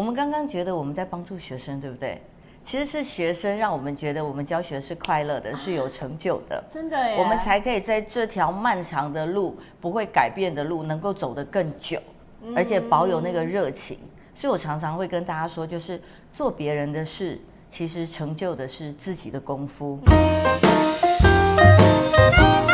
我們剛剛覺得我們在幫助學生，對不對？其實是學生讓我們覺得我們教學是快樂的，是有成就的。啊，真的耶。我們才可以在這條漫長的路，不會改變的路，能夠走得更久，而且保有那個熱情。嗯，所以我常常會跟大家說，就是做別人的事，其實成就的是自己的功夫。嗯。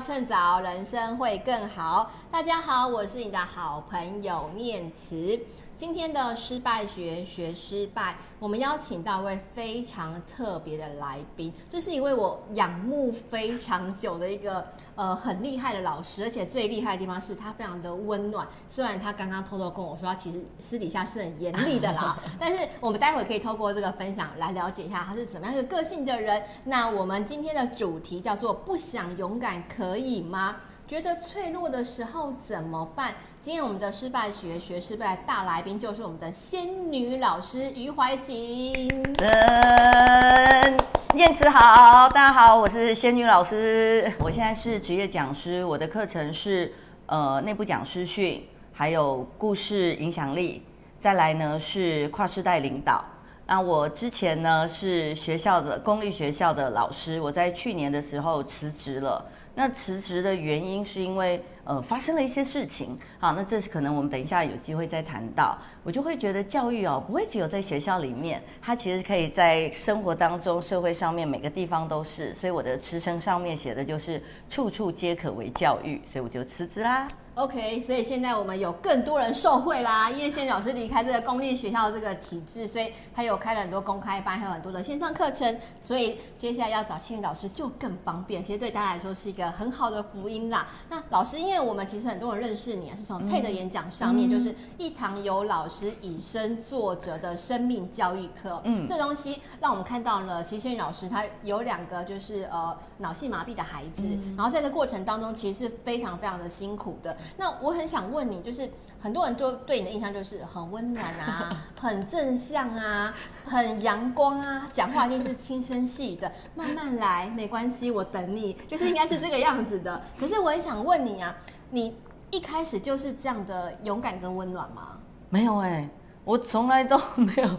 趁早，人生會更好。大家好，我是你的好朋友念慈。今天的失敗學學失敗，我們邀請到一位非常特別的來賓，這、就是一位我仰慕非常久的一個呃很厲害的老師，而且最厲害的地方是他非常的溫暖。雖然他剛剛偷偷跟我說，他其實私底下是很嚴厲的啦， 但是我們待會可以透過這個分享來了解一下他是怎麼樣一個個性的人。那我們今天的主題叫做“不想勇敢可以嗎”。覺得脆弱的時候怎麼辦？今天我們的失敗學學失敗大來賓就是我們的仙女老師余懷瑾。嗯，念慈好，大家好，我是仙女老師。我現在是職業講師，我的課程是呃內部講師訓，還有故事影響力，再來呢是跨世代領導。那我之前呢是學校的公立學校的老師，我在去年的時候辭職了。那辭職的原因是因為呃發生了一些事情，好，那這是可能我們等一下有機會再談到。我就會覺得教育哦，不會只有在學校裡面，它其實可以在生活當中、社會上面每個地方都是。所以我的職稱上面寫的就是處處皆可為教育，所以我就辭職啦。OK，所以現在我們有更多人受惠啦，因為仙女老師離開這個公立學校的這個體制，所以他有開了很多公開班，還有很多的線上課程，所以接下來要找仙女老師就更方便，其實對大家來說是一個很好的福音啦。那老師，因為我們其實很多人認識你，是從 TED 演講上面，嗯、就是一堂由老師以身作則的生命教育課，嗯，這東西讓我們看到了其實仙女老師他有兩個就是呃腦性麻痹的孩子，嗯、然後在這過程當中其實是非常非常的辛苦的。那我很想問你，就是很多人都對你的印象就是很溫暖啊，很正向啊，很陽光啊，講話一定是輕聲細語的，慢慢來，沒關係，我等你，就是應該是這個樣子的。可是我很想問你啊，你一開始就是這樣的勇敢跟溫暖嗎？沒有哎，我從來都沒有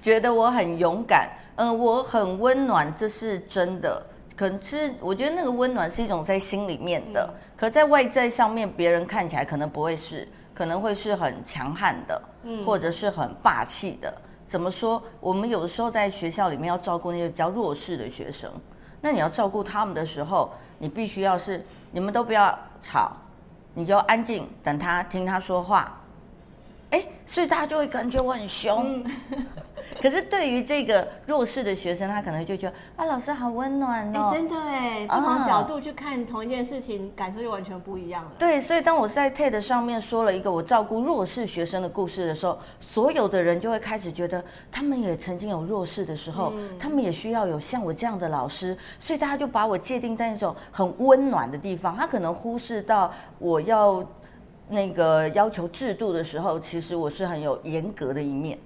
覺得我很勇敢，嗯，我很溫暖，這是真的。可是，我覺得那個溫暖是一種在心裡面的，嗯、可在外在上面，別人看起來可能不會是，可能會是很強悍的，嗯、或者是很霸氣的。怎麼說？我們有的時候在學校裡面要照顧那些比較弱勢的學生，那你要照顧他們的時候，你必須要是你們都不要吵，你就安靜，等他聽他說話。哎，所以他就會感覺我很凶。嗯 可是，對於這個弱勢的學生，他可能就覺得啊，老師好溫暖哦，真的哎。不同角度、啊、去看同一件事情，感受就完全不一樣了。對，所以當我在 TED 上面說了一個我照顧弱勢學生的故事的時候，所有的人就會開始覺得，他們也曾經有弱勢的時候，嗯、他們也需要有像我這樣的老師。所以大家就把我界定在一種很溫暖的地方，他可能忽視到我要那個要求制度的時候，其實我是很有嚴格的一面。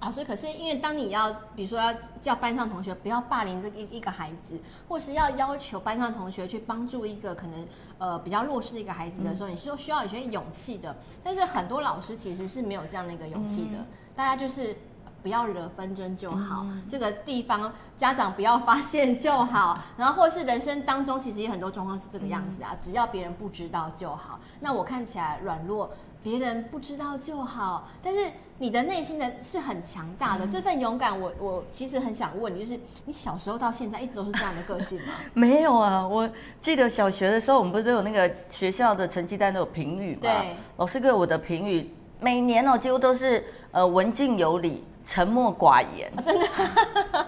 老師，可是因為當你要比如說要叫班上同學不要霸凌這個一個孩子，或是要要求班上同學去幫助一個可能呃比較弱勢的一個孩子的時候，你是說需要有些勇氣的。但是很多老師其實是沒有這樣的一個勇氣的。大家就是不要惹紛爭就好，這個地方家長不要發現就好。然後或是人生當中其實很多狀況是這個樣子啊，只要別人不知道就好。那我看起來軟弱。別人不知道就好，但是你的內心的是很強大的。嗯、這份勇敢我，我我其實很想問你，就是你小時候到現在一直都是這樣的個性嗎？沒有啊，我記得小學的時候，我們不是都有那個學校的成績單都有評語嘛？對。老師給我的評語，每年哦幾乎都是呃文靜有禮，沉默寡言。啊、真的。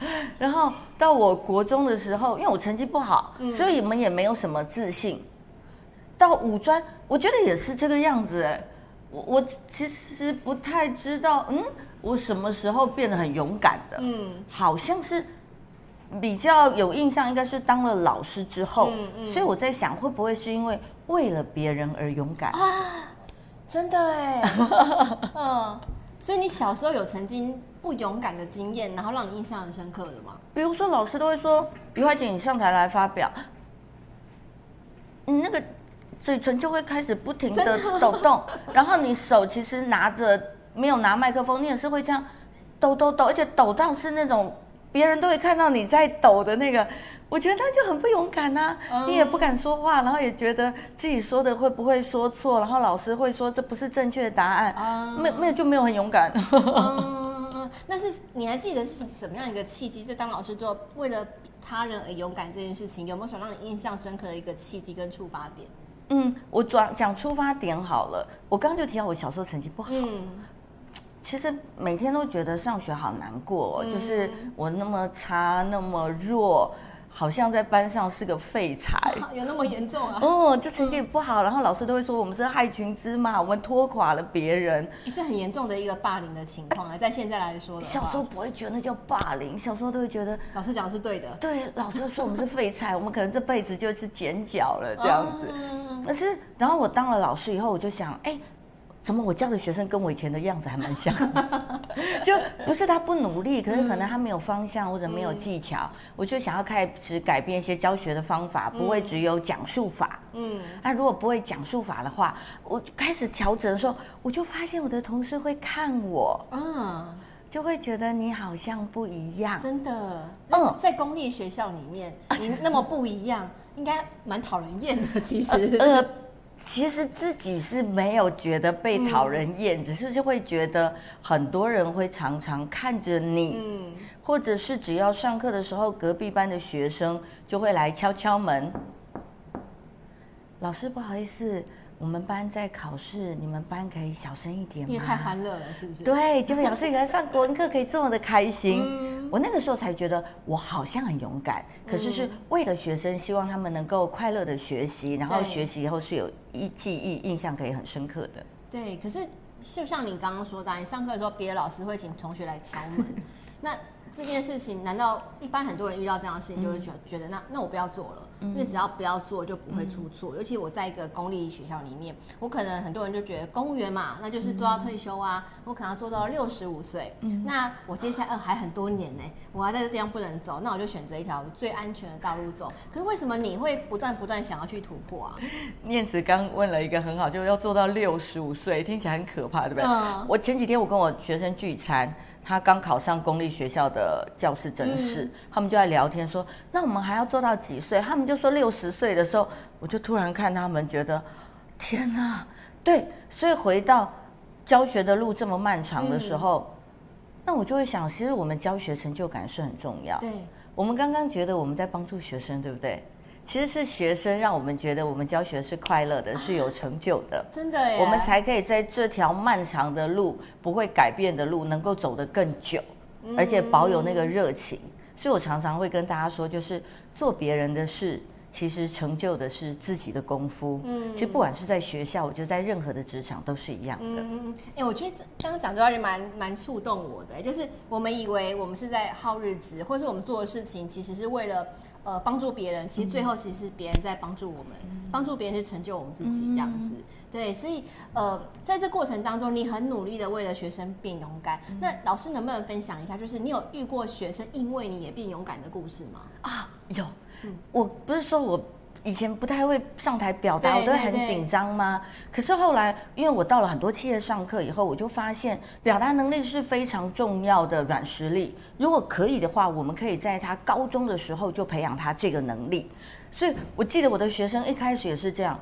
然後到我國中的時候，因為我成績不好，嗯、所以我們也沒有什麼自信。到五專，我覺得也是這個樣子哎。我我其實不太知道，嗯，我什麼時候變得很勇敢的？嗯，好像是比較有印象，應該是當了老師之後。嗯，嗯，所以我在想，會不會是因為為了別人而勇敢的、啊、真的哎。 嗯。所以你小時候有曾經不勇敢的經驗，然後讓你印象很深刻的嗎？比如說，老師都會說：“余懷瑾，你上台來發表。”你那個。嘴唇就會開始不停的抖動，然後你手其實拿着沒有拿麥克風，你也是會這樣抖抖抖，而且抖到是那種別人都會看到你在抖的那個，我覺得他就很不勇敢吶、啊，嗯、你也不敢說話，然後也覺得自己說的會不會說錯，然後老師會說這不是正確的答案，嗯、沒有沒有就沒有很勇敢。嗯，那 是你還記得是什麼樣一個契機？就當老師之後，為了他人而勇敢這件事情，有沒有想讓你印象深刻的一個契機跟觸發點？嗯，我講講出發點好了。我剛剛就提到我小時候成績不好，嗯、其實每天都覺得上學好難過、哦，嗯、就是我那麼差，那麼弱。好像在班上是個廢材。 有那麼嚴重啊？哦，oh, 就成績不好，嗯、然後老師都會說我們是害群之馬，我們拖垮了別人，欸，這很嚴重的一個霸凌的情況啊，嗯、在現在來說，小時候不會覺得那叫霸凌，小時候都會覺得老師講的是對的。對，老師說我們是廢材， 我們可能這輩子就是剪腳了這樣子。嗯、但是，然後我當了老師以後，我就想，哎、欸。怎麼？我教的學生跟我以前的樣子還蠻像，就不是他不努力，可是可能他沒有方向或者沒有技巧。我就想要開始改變一些教學的方法，不會只有講述法。嗯，那如果不會講述法的話，我就開始調整的時候，我就發現我的同事會看我，嗯，就會覺得你好像不一樣。真的，嗯，在公立學校裡面，你那麼不一樣，應該蠻討人厭的。其實，呃，呃。其實自己是沒有覺得被討人厭，嗯、只是就會覺得很多人會常常看着你，嗯、或者是只要上課的時候，隔壁班的學生就會來敲敲門。嗯、老師不好意思，我們班在考試，你們班可以小聲一點嗎？因為太歡樂了，是不是？對，就表示原來上國文課可以這麼的開心。嗯我那個時候才覺得我好像很勇敢，可是是為了學生，希望他們能夠快樂的學習，然後學習以後是有一記憶、印象可以很深刻的。對，對，可是就像你剛剛說的啊，你上課的時候，別的老師會請同學來敲門。 那這件事情，難道一般很多人遇到這樣的事情就會覺覺得那，那、嗯、那我不要做了，嗯、因為只要不要做就不會出錯。嗯、尤其我在一個公立學校裡面，我可能很多人就覺得，公務員嘛，那就是做到退休啊，嗯、我可能要做到六十五歲，嗯、那我接下來、啊、還很多年呢、欸，我還在這地方不能走，那我就選擇一條最安全的道路走。可是為什麼你會不斷不斷想要去突破啊？念慈剛問了一個很好，就是要做到六十五歲，聽起來很可怕，對不對？嗯、我前幾天我跟我學生聚餐。他剛考上公立學校的教師甄試，嗯、他們就在聊天說：“那我們還要做到幾歲？”他們就說：“六十歲的時候。”我就突然看他們，覺得，天哪！對，所以回到教學的路這麼漫長的時候，嗯、那我就會想，其實我們教學成就感是很重要。對，我們剛剛覺得我們在幫助學生，對不對？其實是學生讓我們覺得我們教學是快樂的，是有成就的，啊、真的，我們才可以在這條漫長的路、不會改變的路，能夠走得更久，而且保有那個熱情。嗯、所以我常常會跟大家說，就是做別人的事。其實成就的是自己的功夫。嗯，其實不管是在學校，我覺得在任何的職場都是一樣的。嗯哎、欸，我覺得剛剛講這話也蠻蠻觸動我的。就是我們以為我們是在耗日子，或者是我們做的事情，其實是為了呃幫助別人。其實最後其實是別人在幫助我們，嗯、幫助別人是成就我們自己、嗯、這樣子。對，所以呃，在這過程當中，你很努力的為了學生變勇敢。嗯、那老師能不能分享一下，就是你有遇過學生因為你也變勇敢的故事嗎？啊，有。我不是說我以前不太會上台表達，我都很緊張嗎？可是後來，因為我到了很多企業上課以後，我就發現表達能力是非常重要的軟實力。如果可以的話，我們可以在他高中的時候就培養他這個能力。所以我記得我的學生一開始也是這樣，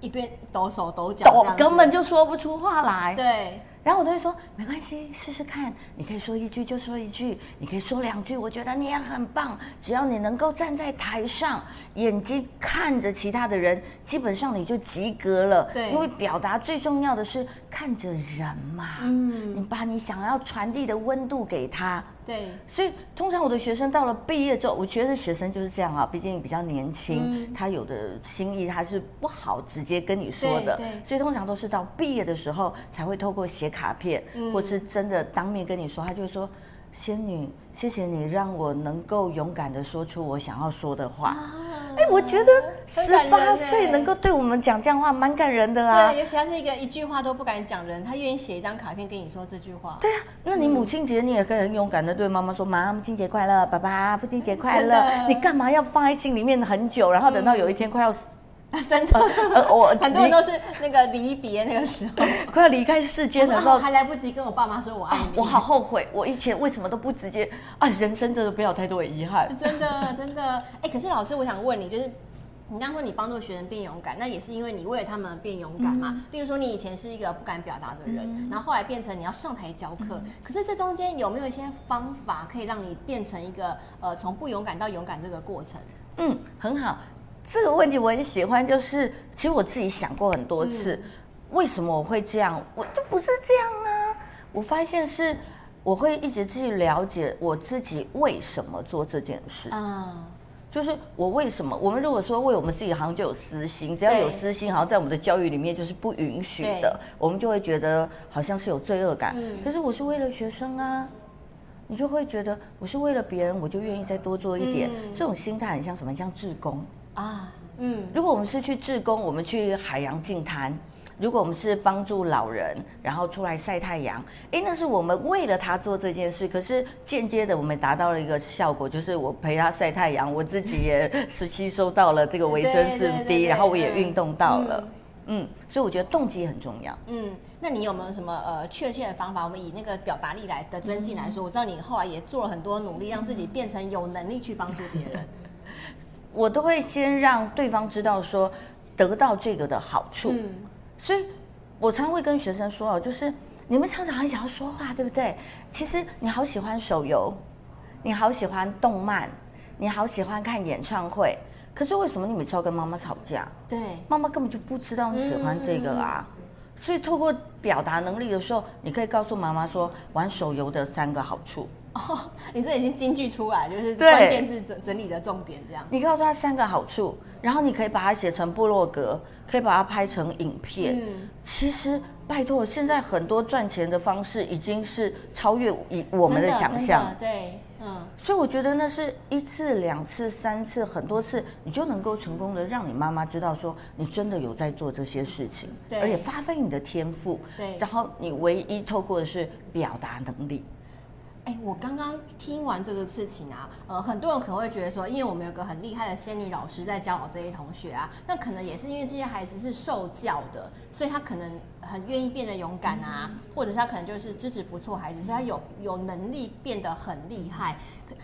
一邊抖手抖腳抖，我根本就說不出話來。對。然後我都會說，沒關係，試試看。你可以說一句就說一句，你可以說兩句，我覺得你也很棒。只要你能夠站在台上，眼睛看着其他的人，基本上你就及格了。對，因為表達最重要的是看着人嘛。嗯，你把你想要傳遞的溫度給他。對，所以通常我的學生到了畢業之後，我覺得學生就是這樣啊，畢竟比較年輕，嗯、他有的心意他是不好直接跟你說的，對對，所以通常都是到畢業的時候才會透過寫卡片，嗯、或是真的當面跟你說，他就說：“仙女，謝謝你讓我能夠勇敢地說出我想要說的話。”啊哎、欸，我覺得十八歲能夠對我們講這樣話，感蠻感人的啊！對啊，尤其他是一個一句話都不敢講人，他願意寫一張卡片跟你說這句話。對啊，那你母親節你也可以很勇敢的對媽媽說：“媽，母親節快樂！”爸爸，父親節快樂！的你幹嘛要放在心裡面很久，然後等到有一天快要死？嗯啊、真的，呃、我很多人都是那個離別那個時候，快要離開世界的時候，啊、還來不及跟我爸媽說我愛你、啊。我好後悔，我以前為什麼都不直接啊？人生真的不要太多的遺憾。真的，真的，哎、欸，可是老師，我想問你，就是你剛剛說你幫助學生變勇敢，那也是因為你為了他們變勇敢嘛？嗯、例如說，你以前是一個不敢表達的人，嗯、然後後來變成你要上台教課，嗯、可是這中間有沒有一些方法可以讓你變成一個呃，從不勇敢到勇敢這個過程？嗯，很好。這個問題我很喜歡，就是其實我自己想過很多次，嗯、為什麼我會這樣？我就不是這樣啊！我發現是，我會一直去了解我自己為什麼做這件事。嗯，就是我為什麼？我們如果說為我們自己，好像就有私心，只要有私心，對好像在我們的教育裡面就是不允許的，對我們就會覺得好像是有罪惡感。嗯、可是我是為了學生啊，你就會覺得我是為了別人，我就願意再多做一點。嗯、這種心態很像什麼？像志工。啊，嗯，如果我們是去志工，我們去海洋淨灘；如果我們是幫助老人，然後出來曬太陽，哎、欸，那是我們為了他做這件事，可是間接的我們達到了一個效果，就是我陪他曬太陽，我自己也是吸收到了這個維生素 D，對對對對。然後我也運動到了，對對對，嗯，嗯，所以我覺得動機很重要。嗯，那你有沒有什麼呃確切的方法？我們以那個表達力來的增進來說，嗯、我知道你後來也做了很多努力，讓自己變成有能力去幫助別人。嗯我都會先讓對方知道說得到這個的好處，嗯、所以，我常會跟學生說啊，就是你們常常很喜歡說話，對不對？其實你好喜歡手遊，你好喜歡動漫，你好喜歡看演唱會，可是為什麼你每次要跟媽媽吵架？對，媽媽根本就不知道你喜歡這個啊。嗯、所以透過表達能力的時候，你可以告訴媽媽說玩手遊的三個好處。哦，oh, 你這已經金句出來，就是關鍵是整整理的重點這樣。你告訴他三個好處，然後你可以把它寫成部落格，可以把它拍成影片。嗯，其實拜託，現在很多賺錢的方式已經是超越以我們的想象。對，嗯，所以我覺得那是一次、兩次、三次、很多次，你就能夠成功的讓你媽媽知道說你真的有在做這些事情，對而且發揮你的天賦。對，然後你唯一透過的是表達能力。哎、欸，我剛剛聽完這個事情啊，呃，很多人可能會覺得說，因為我們有個很厲害的仙女老師在教導這些同學啊，那可能也是因為這些孩子是受教的，所以他可能很願意變得勇敢啊，或者是他可能就是資質不錯，孩子，所以他有有能力變得很厲害。可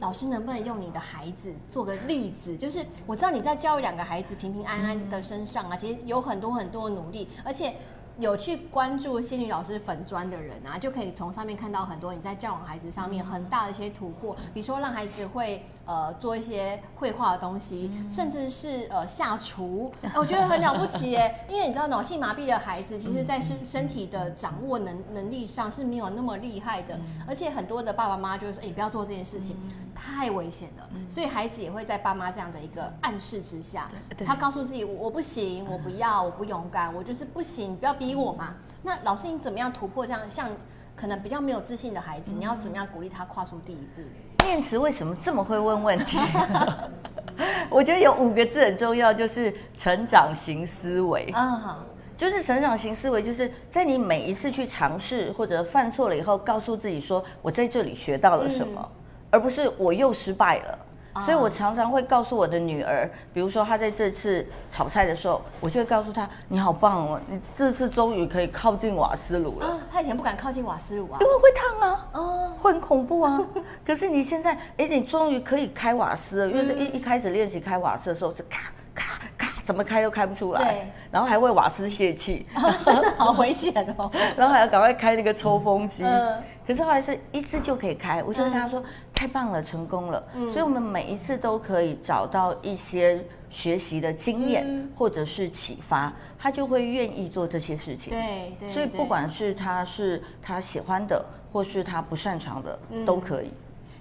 老師，能不能用你的孩子做個例子？就是我知道你在教育兩個孩子平平安安的身上啊，其實有很多很多努力，而且。有去關注仙女老師粉專的人啊，就可以從上面看到很多你在教養孩子上面很大的一些突破。比如說讓孩子會呃做一些繪畫的東西，甚至是呃下廚， 我覺得很了不起耶！因為你知道腦性麻痹的孩子，其實在身身體的掌握能能力上是沒有那麼厲害的，而且很多的爸爸媽媽就會說、欸：“你不要做這件事情，太危險了。”所以孩子也會在爸媽這樣的一個暗示之下，他告訴自己：“我不行，我不要，我不勇敢，我就是不行。”你不要逼。逼我嗎？那老師，你怎麼樣突破這樣？像可能比較沒有自信的孩子，你要怎麼樣鼓勵他跨出第一步？嗯、念慈為什麼這麼會問問題？ 我覺得有五個字很重要，就是成長型思維。嗯、uh，好、huh.，就是成長型思維，就是在你每一次去嘗試或者犯錯了以後，告訴自己說我在這裡學到了什麼，嗯、而不是我又失敗了。所以，我常常會告訴我的女兒，比如說她在這次炒菜的時候，我就會告訴她：“你好棒哦，你這次終於可以靠近瓦斯爐了。”啊，她以前不敢靠近瓦斯爐啊，因為會燙啊，啊，會很恐怖啊。 可是你現在，哎、欸，你終於可以開瓦斯了，因為一一開始練習開瓦斯的時候，就咔咔咔，怎麼開都開不出來。對然後還為瓦斯洩氣、啊，真的好危險哦。然後還要趕快開那個抽風機，嗯、可是後來是一次就可以開，我就跟她說。嗯太棒了，成功了，嗯、所以，我們每一次都可以找到一些學習的經驗、嗯、或者是啟發，他就會願意做這些事情。對對，對對，所以不管是他是他喜歡的，或是他不擅長的，嗯、都可以。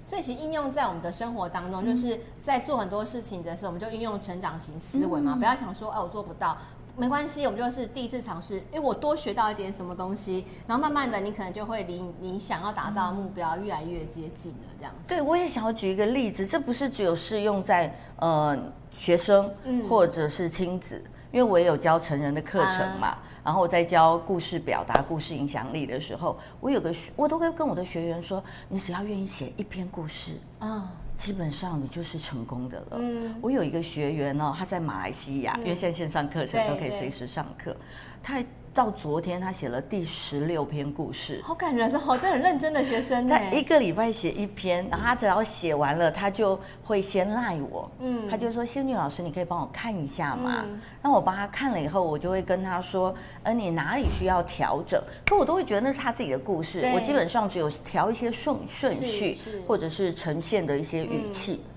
所以，其實應用在我們的生活當中，嗯、就是在做很多事情的時候，我們就應用成長型思維嘛，嗯、不要想說，哦、哎，我做不到。沒關係，我們就是第一次嘗試，哎、欸，我多學到一點什麼東西，然後慢慢的，你可能就會離你想要達到的目標越來越接近了，這樣子。對，我也想要舉一個例子，這不是只有適用在呃學生或者是親子，嗯、因為我也有教成人的課程嘛。啊、然後我在教故事表達、故事影響力的時候，我有個學，我都會跟我的學員說，你只要願意寫一篇故事，嗯。基本上你就是成功的了。嗯，我有一個學員哦，他在馬來西亞，因為現在線上課程都可以隨時上課，他。到昨天，他寫了第十六篇故事，好感人、哦、好像很認真的學生。他一個禮拜寫一篇，然後他只要寫完了，他就會先賴我，嗯，他就說：“仙女老師，你可以幫我看一下嗎？”嗯、然後我幫他看了以後，我就會跟他說：“呃，你哪裡需要調整？”可我都會覺得那是他自己的故事，對我基本上只有調一些順順序或者是呈現的一些語氣。嗯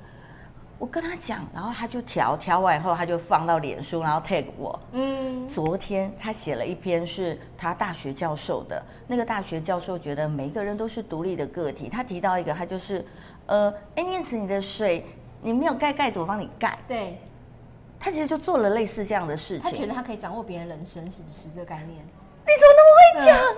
我跟他講，然後他就調調完以後，他就放到臉書，然後 tag 我。嗯。昨天他寫了一篇是他大學教授的，那個大學教授覺得每一個人都是獨立的個體。他提到一個，他就是，呃，哎念慈，你的水你沒有蓋蓋子，我幫你蓋。對。他其實就做了類似這樣的事情。他覺得他可以掌握別人的人生，是不是這個概念？你怎麼那麼會講？嗯、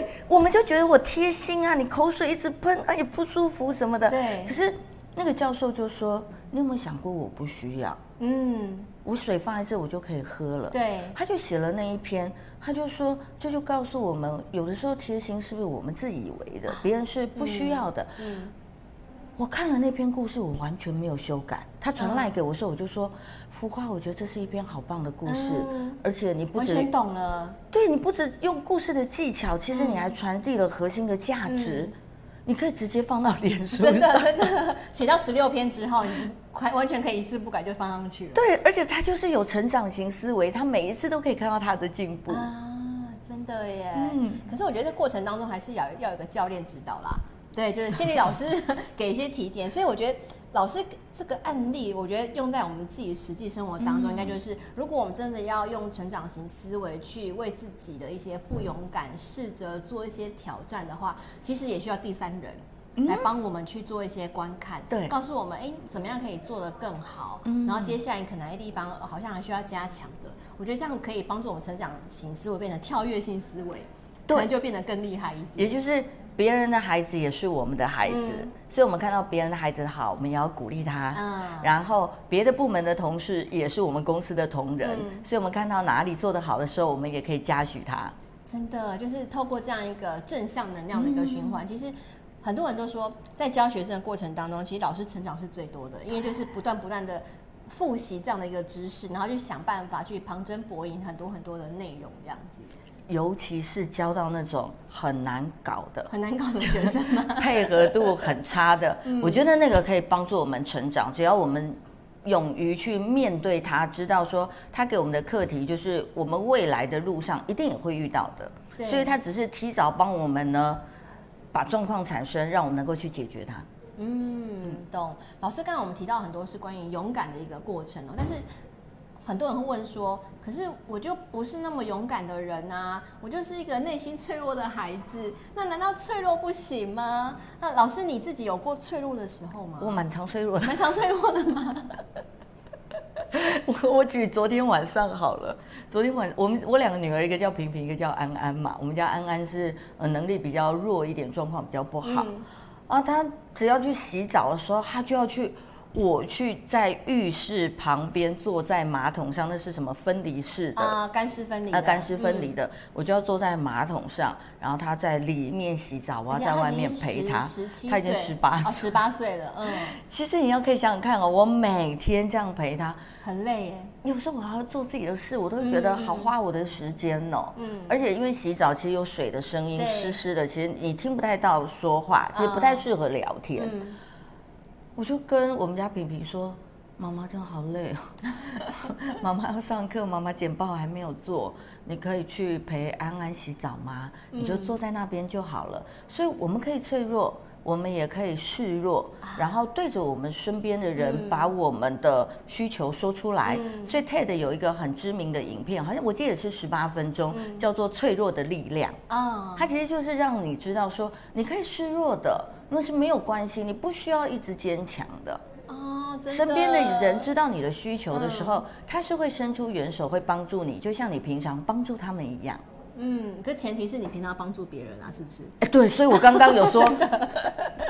對，我們就覺得我貼心啊，你口水一直噴、啊，哎也不舒服什麼的。對。可是那個教授就說。你有沒有想過，我不需要？嗯，我水放在這，我就可以喝了。對，他就寫了那一篇，他就說，這就，就告訴我們，有的時候貼心是不是我們自以為的，啊、別人是不需要的。嗯，嗯，我看了那篇故事，我完全沒有修改。他傳賴給我的時候，哦、我就說，浮誇，我覺得這是一篇好棒的故事，嗯、而且你不只懂了，對，你不止用故事的技巧，其實你還傳遞了核心的價值。嗯嗯你可以直接放到臉書上。啊，真的真的，寫到十六篇之後，你快完全可以一字不改就放上去了。對，而且他就是有成長型思維，他每一次都可以看到他的進步啊，真的耶。嗯，可是我覺得這過程當中還是要要有一個教練指導啦。對，就是心理老師給一些提點， 所以我覺得老師這個案例，我覺得用在我們自己實際生活當中，應該就是如果我們真的要用成長型思維去為自己的一些不勇敢，試着做一些挑戰的話，其實也需要第三人來幫我們去做一些觀看，對、嗯，告訴我們哎，怎麼樣可以做得更好，對然後接下來可能一些地方好像還需要加強的，我覺得這樣可以幫助我們成長型思維變成跳躍性思維，對可能就變得更厲害一些，也就是。別人的孩子也是我們的孩子，嗯、所以我們看到別人的孩子好，我們也要鼓勵他。嗯、然後，別的部門的同事也是我們公司的同仁，嗯、所以我們看到哪裡做得好的時候，我們也可以嘉許他。真的，就是透過這樣一個正向能量的一個循環。嗯、其實很多人都說，在教學生的過程當中，其實老師成長是最多的，因為就是不斷不斷的複習這樣的一個知識，然後就想辦法去旁徵博引很多很多的內容，這樣子。尤其是教到那種很難搞的、很難搞的學生嗎？ 配合度很差的，我覺得那個可以幫助我們成長。只要我們勇於去面對他，知道說他給我們的課題就是我們未來的路上一定也會遇到的，所以他只是提早幫我們呢把狀況產生，讓我們能夠去解決它、嗯。嗯，懂。老師，剛剛我們提到很多是關於勇敢的一個過程哦、喔，但是。很多人會問說：“可是我就不是那麼勇敢的人啊，我就是一個內心脆弱的孩子。那難道脆弱不行嗎？那老師你自己有過脆弱的時候嗎？”我滿常脆弱的，滿常脆弱的嗎？ 我我舉昨天晚上好了，昨天晚上我們我兩個女兒，一個叫平平，一個叫安安嘛。我們家安安是呃能力比較弱一點，狀況比較不好。嗯、啊，她只要去洗澡的時候，她就要去。我去在浴室旁邊坐在馬桶上，那是什麼分離式的，啊，乾濕分離。啊，乾濕分離的，嗯、我就要坐在馬桶上，然後他在裡面洗澡，我要在外面陪他。他已經十七、十八、十八歲了。嗯，其實你要可以想想看哦，我每天這樣陪他，很累耶。有時候我還要做自己的事，我都覺得好花我的時間哦。嗯，而且因為洗澡其實有水的聲音，濕濕對的，其實你聽不太到說話，其實不太適合聊天。啊嗯我就跟我們家平平說：“媽媽真的好累哦，媽 媽要上課，媽媽簡報還沒有做。你可以去陪安安洗澡嗎？你就坐在那邊就好了。嗯、所以我們可以脆弱，我們也可以示弱，啊、然後對着我們身邊的人，把我們的需求說出來。嗯、所以 TED 有一個很知名的影片，好像我記得是十八分鐘，嗯、叫做《脆弱的力量》啊、它其實就是讓你知道說，你可以示弱的。”那是沒有關係，你不需要一直堅強的啊。哦、真的。身邊的人知道你的需求的時候，嗯、他是會伸出援手，會幫助你，就像你平常幫助他們一樣。嗯，這前提是你平常幫助別人啊，是不是？哎、欸，對，所以我剛剛有說 的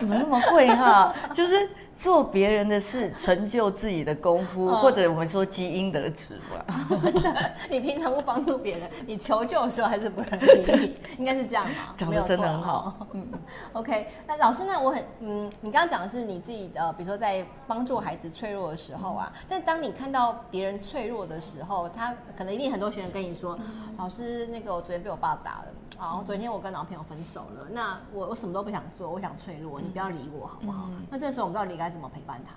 怎麼那麼會哈、啊，就是。做別人的事，成就自己的功夫，嗯、或者我們說積陰德值。吧。 真的，你平常不幫助別人，你求救的時候還是不能理你對應該是這樣嘛？沒有，真的很好。嗯，OK。那老師，那我很嗯，你剛剛講的是你自己呃，比如說在幫助孩子脆弱的時候啊，嗯、但當你看到別人脆弱的時候，他可能一定很多學生跟你說，老師，那個我昨天被我爸打了。好、哦，昨天我跟男朋友分手了，那我我什麼都不想做，我想脆弱，你不要理我、嗯、好不好？嗯嗯、那這時候我們到底該怎麼陪伴他？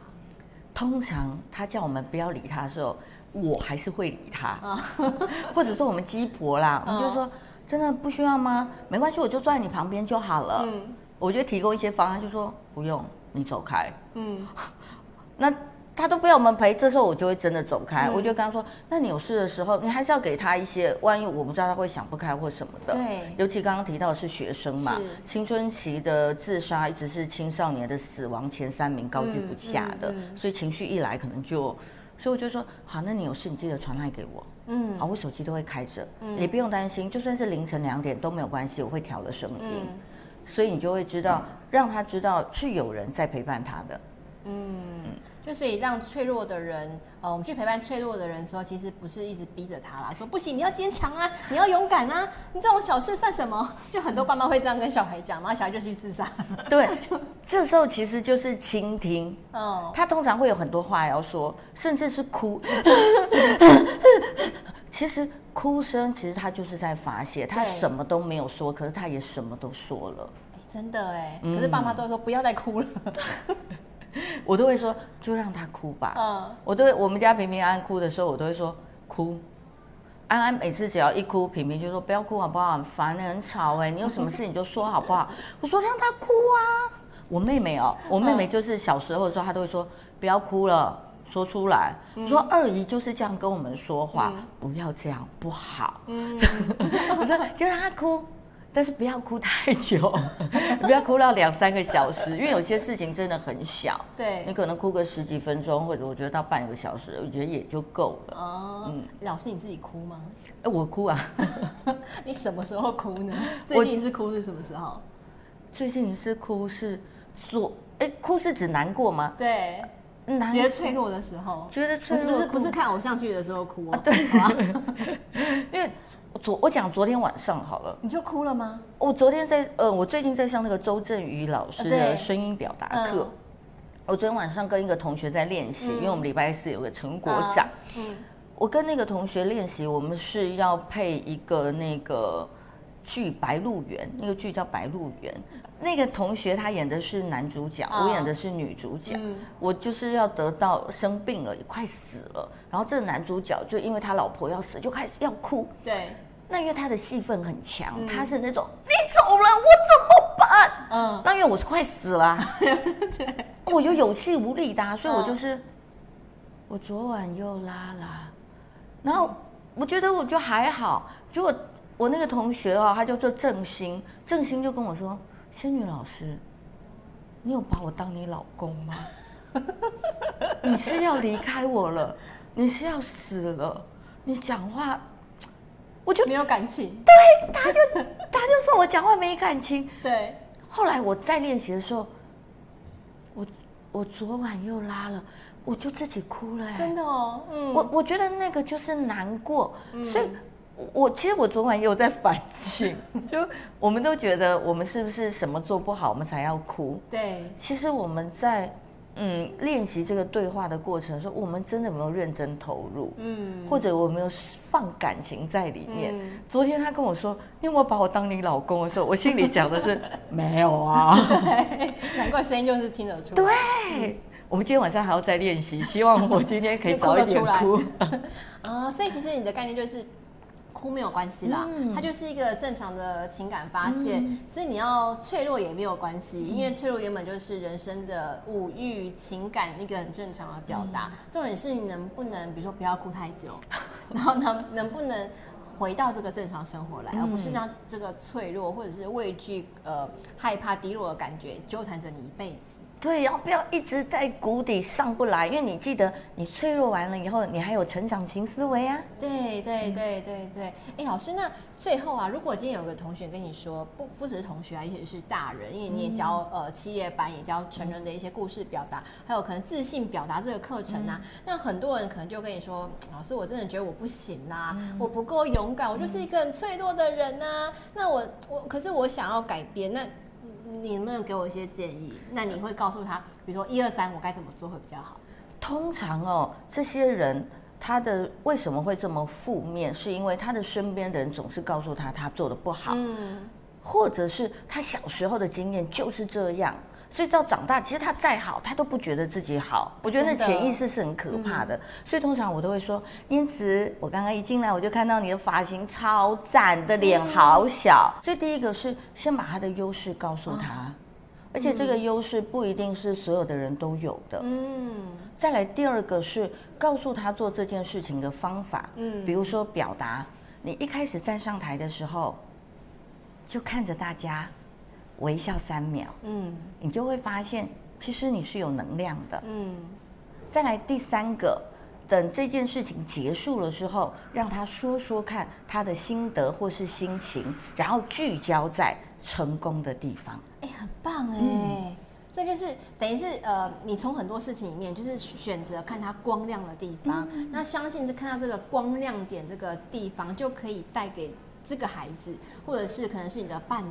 通常他叫我們不要理他的時候，我還是會理他，啊、 或者說我們雞婆啦，我們就說、嗯、真的不需要嗎？沒關係，我就坐在你旁邊就好了。嗯，我就提供一些方案，就說不用你走開。嗯， 那。他都不讓我們陪，這時候我就會真的走開。嗯、我就跟他說：“那你有事的時候，你還是要給他一些，萬一我不知道他會想不開或什麼的。”對。尤其剛剛提到的是學生嘛，是青春期的自殺一直是青少年的死亡前三名高居不下的，嗯嗯嗯、所以情緒一來可能就……所以我就說：“好，那你有事你記得傳來給我。”嗯。好，我手機都會開着，也、嗯、不用擔心，就算是凌晨兩點都沒有關係，我會調了聲音，嗯、所以你就會知道，嗯、讓他知道是有人在陪伴他的。嗯。嗯就所以讓脆弱的人，呃，我們去陪伴脆弱的人的時候，其實不是一直逼着他啦，說不行，你要堅強啊，你要勇敢啊，你這種小事算什麼？就很多爸媽會這樣跟小孩講，嘛，小孩就去自殺。對，就這時候其實就是傾聽。嗯，他通常會有很多話要說，甚至是哭。 其實哭聲其實他就是在發洩，他什麼都沒有說，對可是他也什麼都說了。真的哎，嗯、可是爸媽都說不要再哭了。我都會說，就讓他哭吧。嗯，我都會我們家平平安安哭的時候，我都會說哭。安安每次只要一哭，平平就說不要哭好不好？很煩很吵哎，你有什麼事你就說好不好？ 我說讓他哭啊。我妹妹哦，我妹妹就是小時候的時候，她都會說、嗯、不要哭了，說出來。我說二姨就是這樣跟我們說話，嗯、不要這樣不好。嗯， 我說就讓他哭。但是不要哭太久，不要哭到兩三個小時，因為有些事情真的很小。對，你可能哭個十幾分鐘，或者我覺得到半個小時，我覺得也就夠了。哦，嗯，老師你自己哭嗎？哎，我哭啊。 你什麼時候哭呢？最近一次哭是什麼時候？最近一次哭是做……哎，哭是指難過嗎？對，難過覺得脆弱的時候，覺得脆弱是不是不是看偶像劇的時候哭哦、啊啊，對，嗎 因為。我講昨天晚上好了，你就哭了嗎？我昨天在呃、嗯，我最近在上那個周振宇老師的聲音表達課，嗯、我昨天晚上跟一個同學在練習，嗯、因為我們禮拜四有個成果展、嗯。嗯，我跟那個同學練習，我們是要配一個那個。劇《白鹿原》，那個劇叫《白鹿原》，那個同學他演的是男主角，我演的是女主角。哦嗯、我就是要得到生病了，也快死了。然後這個男主角就因為他老婆要死，就開始要哭。對。那因為他的戲份很強，嗯、他是那種你走了我怎麼辦？嗯。那因為我是快死了，嗯、 對我就有氣無力的，啊，所以我就是、嗯、我昨晚又拉了，然後我覺得我就還好，結果我那個同學哦、啊，他叫做正興，正興就跟我說：“仙女老師，你有把我當你老公嗎？你是要離開我了，你是要死了？你講話，我就沒有感情。對，他就他就說我講話沒感情。對，後來我在練習的時候，我我昨晚又拉了，我就自己哭了、哎。真的哦、嗯，我我覺得那個就是難過，所以。嗯我其實我昨晚也有在反省，就我們都覺得我們是不是什麼做不好，我們才要哭？對，其實我們在嗯練習這個對話的過程的，說我們真的有沒有認真投入，嗯，或者我沒有放感情在裡面。嗯、昨天他跟我說你有沒有把我當你老公的時候，我心裡講的是 沒有啊， 難怪聲音就是聽得出來。對，我們今天晚上還要再練習，希望我今天可以早 哭得 一點哭。啊、哦，所以其實你的概念就是。哭沒有關係啦，嗯、它就是一個正常的情感發洩，嗯、所以你要脆弱也沒有關係，嗯、因為脆弱原本就是人生的物慾情感一個很正常的表達。嗯、重點是你能不能，比如說不要哭太久，嗯、然後能 能不能回到這個正常生活來，嗯、而不是讓這個脆弱或者是畏懼、呃害怕低落的感覺糾纏着你一輩子。對，然後不要一直在谷底上不來，因為你記得你脆弱完了以後，你還有成長型思維啊，對。對對對對對，哎，老師，那最後啊，如果今天有個同學跟你說，不，不只是同學啊，尤其是大人，因為你也教呃企業班，也教成人的一些故事表達，還有可能自信表達這個課程啊，嗯、那很多人可能就跟你說，老師，我真的覺得我不行啦，啊，嗯、我不夠勇敢，我就是一個很脆弱的人啊。那我我，可是我想要改變那。你能不能給我一些建議？那你會告訴他，比如說一二三，我該怎麼做會比較好？通常哦，這些人他的為什麼會這麼負面，是因為他的身邊的人總是告訴他，他做得不好，嗯、或者是他小時候的經驗就是這樣。所以到長大，其實他再好，他都不覺得自己好。我覺得那潛意識是很可怕的。真的哦嗯、所以通常我都會說，念慈我剛剛一進來我就看到你的髮型超讚，你的臉好小。嗯、所以第一個是先把他的優勢告訴他，啊嗯、而且這個優勢不一定是所有的人都有的。嗯。再來第二個是告訴他做這件事情的方法。嗯。比如說表達，你一開始站上台的時候，就看着大家。微笑三秒，嗯，你就會發現其實你是有能量的，嗯。再來第三個，等這件事情結束了之後，讓他說說看他的心得或是心情，嗯、然後聚焦在成功的地方。哎、欸，很棒哎、欸，這、嗯、就是等於是呃，你從很多事情裡面就是選擇看他光亮的地方，嗯、那相信這看到這個光亮點這個地方就可以帶給這個孩子，或者是可能是你的伴侶。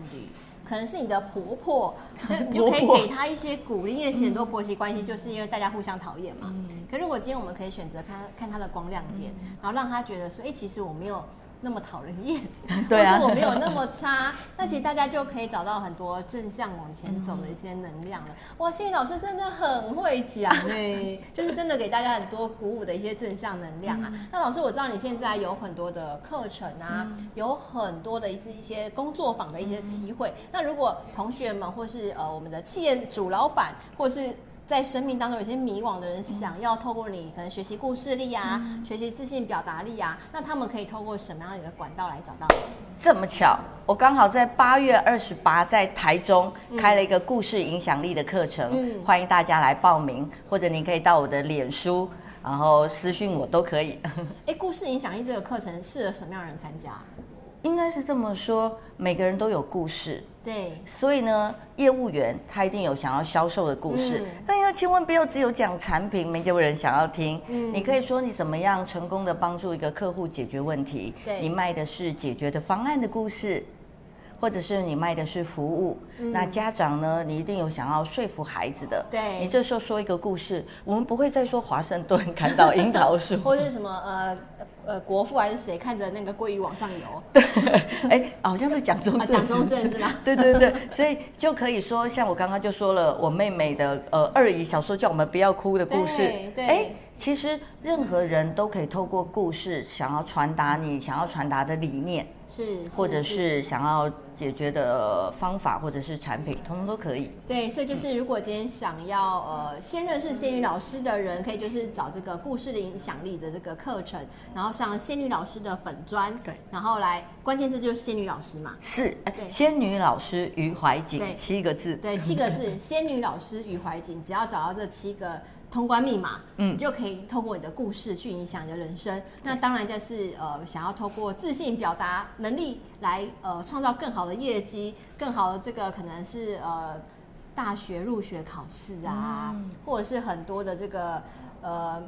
可能是你的婆婆，你就，就可以給她一些鼓勵，婆婆，因為很多婆媳關係就是因為大家互相討厭嘛。嗯、可是如果今天我們可以選擇看她看她的光亮點，嗯、然後讓她覺得說，哎、欸，其實我沒有。那麼討人厭，或是我沒有那麼差，啊、那其實大家就可以找到很多正向往前走的一些能量了。嗯、哇，仙女老師真的很會講哎，嗯、就是真的給大家很多鼓舞的一些正向能量啊。嗯、那老師，我知道你現在有很多的課程啊，嗯、有很多的一一些工作坊的一些機會。嗯、那如果同學們或是呃我們的企業主老板或是。在生命當中有些迷惘的人，想要透過你可能學習故事力啊，嗯、學習自信表達力啊，那他們可以透過什麼樣的一個管道來找到你？這麼巧，我剛好在八月二十八在台中開了一個故事影響力的課程，嗯、歡迎大家來報名，或者您可以到我的臉書，然後私訊我都可以。哎、 欸，故事影響力這個課程適合什麼樣的人參加？應該是這麼說，每個人都有故事。對，所以呢，業務員他一定有想要銷售的故事，哎、嗯、要千萬不要只有講產品，沒有人想要聽。嗯、你可以說你怎麼樣成功的幫助一個客戶解決問題，對你賣的是解決的方案的故事，或者是你賣的是服務。嗯、那家長呢，你一定有想要說服孩子的，對、嗯、你這時候說一個故事，我們不會再說華盛頓砍倒櫻桃樹， 或者是什麼呃。呃，國父還是誰看着那個鮭魚往上游？對，哎，欸，好像是蔣中正，啊，蔣中正是嗎？對對對，所以就可以說，像我剛剛就說了，我妹妹的呃二姨小時候叫我們不要哭的故事。對，對。欸，其實任何人都可以透過故事，想要傳達你想要傳達的理念，是，是，或者是想要。解決的方法或者是產品，通通都可以。對，所以就是如果今天想要呃先認識仙女老師的人，可以就是找這個故事的影響力的這個課程，然後上仙女老師的粉專。對，然後來關鍵字就是仙女老師嘛，是，對，對仙女老師余懷瑾，七個字，對，七個字 仙女老師余懷瑾，只要找到這七個。通關密碼，嗯，嗯，你就可以透過你的故事去影響你的人生。那當然就是呃，想要透過自信表達能力來呃，創造更好的業績，更好的這個可能是呃，大學入學考試啊，嗯、或者是很多的這個呃，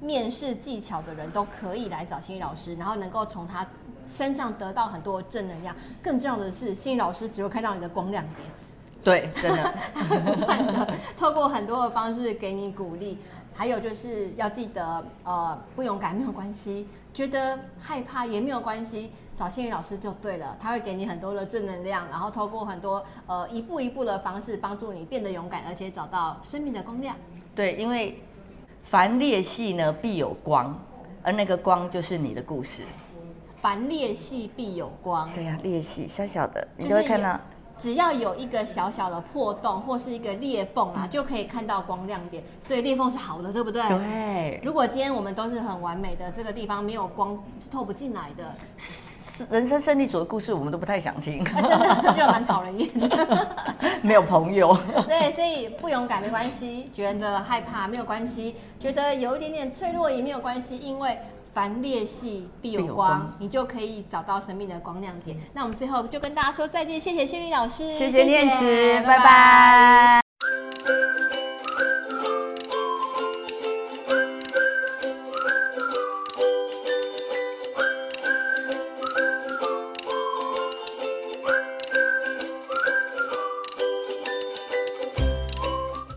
面試技巧的人都可以來找仙女老師，然後能夠從他身上得到很多的正能量。更重要的是，仙女老師只會看到你的光亮點。對，真的， 他會不斷的 透過很多的方式給你鼓勵，還有就是要記得，呃，不勇敢沒有關係，覺得害怕也沒有關係，找仙女老師就對了，他會給你很多的正能量，然後透過很多呃一步一步的方式幫助你變得勇敢，而且找到生命的光亮。對，因為凡裂隙呢必有光，而那個光就是你的故事。嗯，凡裂隙必有光。對呀，啊，裂隙小小的，你都會看到。只要有一個小小的破洞或是一個裂縫啊，嗯、就可以看到光亮點，所以裂縫是好的，對不對？對。如果今天我們都是很完美的，這個地方沒有光是透不進來的，人生勝利組的故事我們都不太想聽， 啊、真的，這就蠻討人厭。 沒有朋友。對，所以不勇敢沒關係，覺得害怕沒有關係，覺得有一點點脆弱也沒有關係，因為。凡裂隙必有光，有光你就可以找到生命的光亮點。嗯、那我們最後就跟大家說再見，謝謝仙女老師，謝謝念慈，謝謝拜拜。拜拜